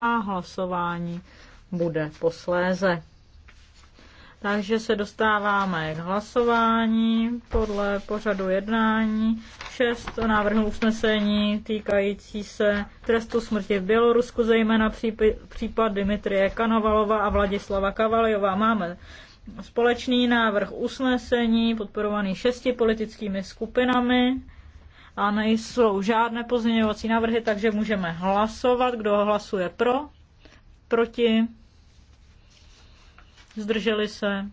a hlasování bude posléze. Takže se dostáváme k hlasování podle pořadu jednání. Šest návrhů usnesení týkající se trestu smrti v Bělorusku, zejména případ Dimitrie Kanovalova a Vladislava Kavaljova. Máme společný návrh usnesení podporovaný šesti politickými skupinami a nejsou žádné pozměňovací návrhy, takže můžeme hlasovat. Kdo hlasuje pro, proti, zdrželi se.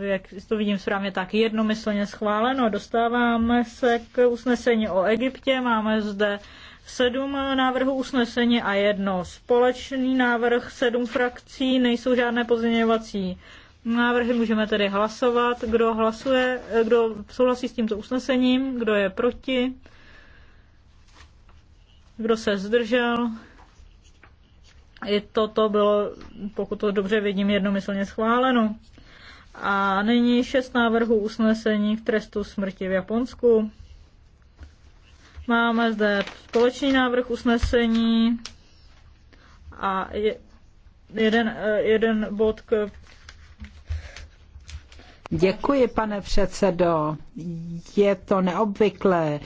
Jak to vidím správně, tak jednomyslně schváleno. Dostáváme se k usnesení o Egyptě. Máme zde sedm návrhů usnesení a jedno společný návrh, sedm frakcí, nejsou žádné pozměňovací Návrhy můžeme tedy hlasovat. Kdo hlasuje, eh, kdo souhlasí s tímto usnesením, kdo je proti, kdo se zdržel. I toto bylo, pokud to dobře vidím, jednomyslně schváleno. A nyní šest návrhů usnesení k trestu smrti v Japonsku. Máme zde společný návrh usnesení a jeden, eh, jeden bod k Děkuji, pane předsedo. Je to neobvyklé,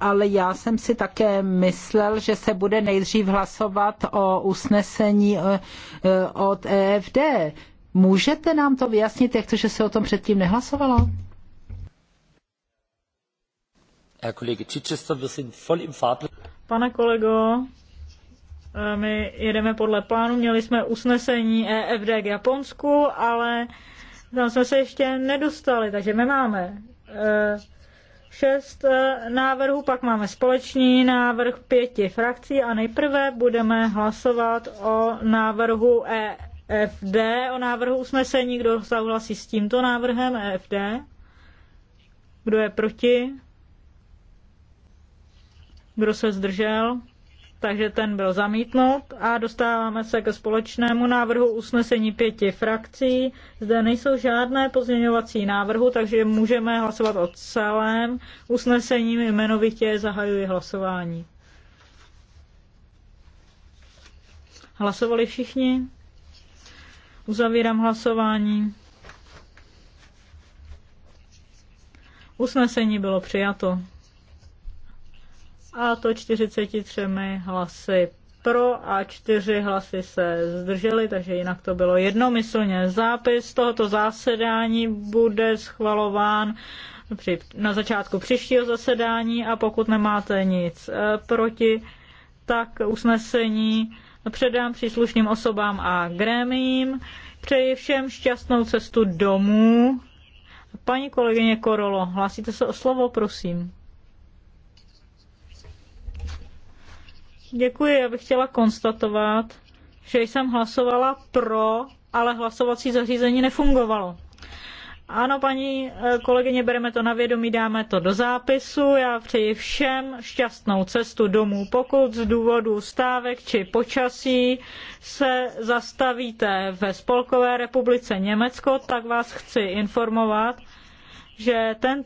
ale já jsem si také myslel, že se bude nejdřív hlasovat o usnesení eh, eh, od EFD. Můžete nám to vyjasnit, jak to, že se o tom předtím nehlasovalo? Pane kolego, eh, my jedeme podle plánu, měli jsme usnesení EFD k Japonsku, ale tam no, jsme se ještě nedostali, takže my máme eh, šest eh, návrhů, pak máme společný návrh pěti frakcí a nejprve budeme hlasovat o návrhu EFD, o návrhu usnesení, kdo souhlasí s tímto návrhem EFD, kdo je proti, kdo se zdržel takže ten byl zamítnut a dostáváme se ke společnému návrhu usnesení pěti frakcí. Zde nejsou žádné pozměňovací návrhu, takže můžeme hlasovat o celém usnesení. Jmenovitě zahajuji hlasování. Hlasovali všichni? Uzavírám hlasování. Usnesení bylo přijato a to 43 hlasy pro a čtyři hlasy se zdrželi, takže jinak to bylo jednomyslně. Zápis tohoto zasedání bude schvalován při, na začátku příštího zasedání a pokud nemáte nic eh, proti, tak usnesení předám příslušným osobám a grémím. Přeji všem šťastnou cestu domů. Paní kolegyně Korolo, hlásíte se o slovo, prosím. Děkuji, já bych chtěla konstatovat, že jsem hlasovala pro, ale hlasovací zařízení nefungovalo. Ano, paní eh, kolegyně, bereme to na vědomí, dáme to do zápisu. Já přeji všem šťastnou cestu domů. Pokud z důvodu stávek či počasí se zastavíte ve Spolkové republice Německo, tak vás chci informovat, že ten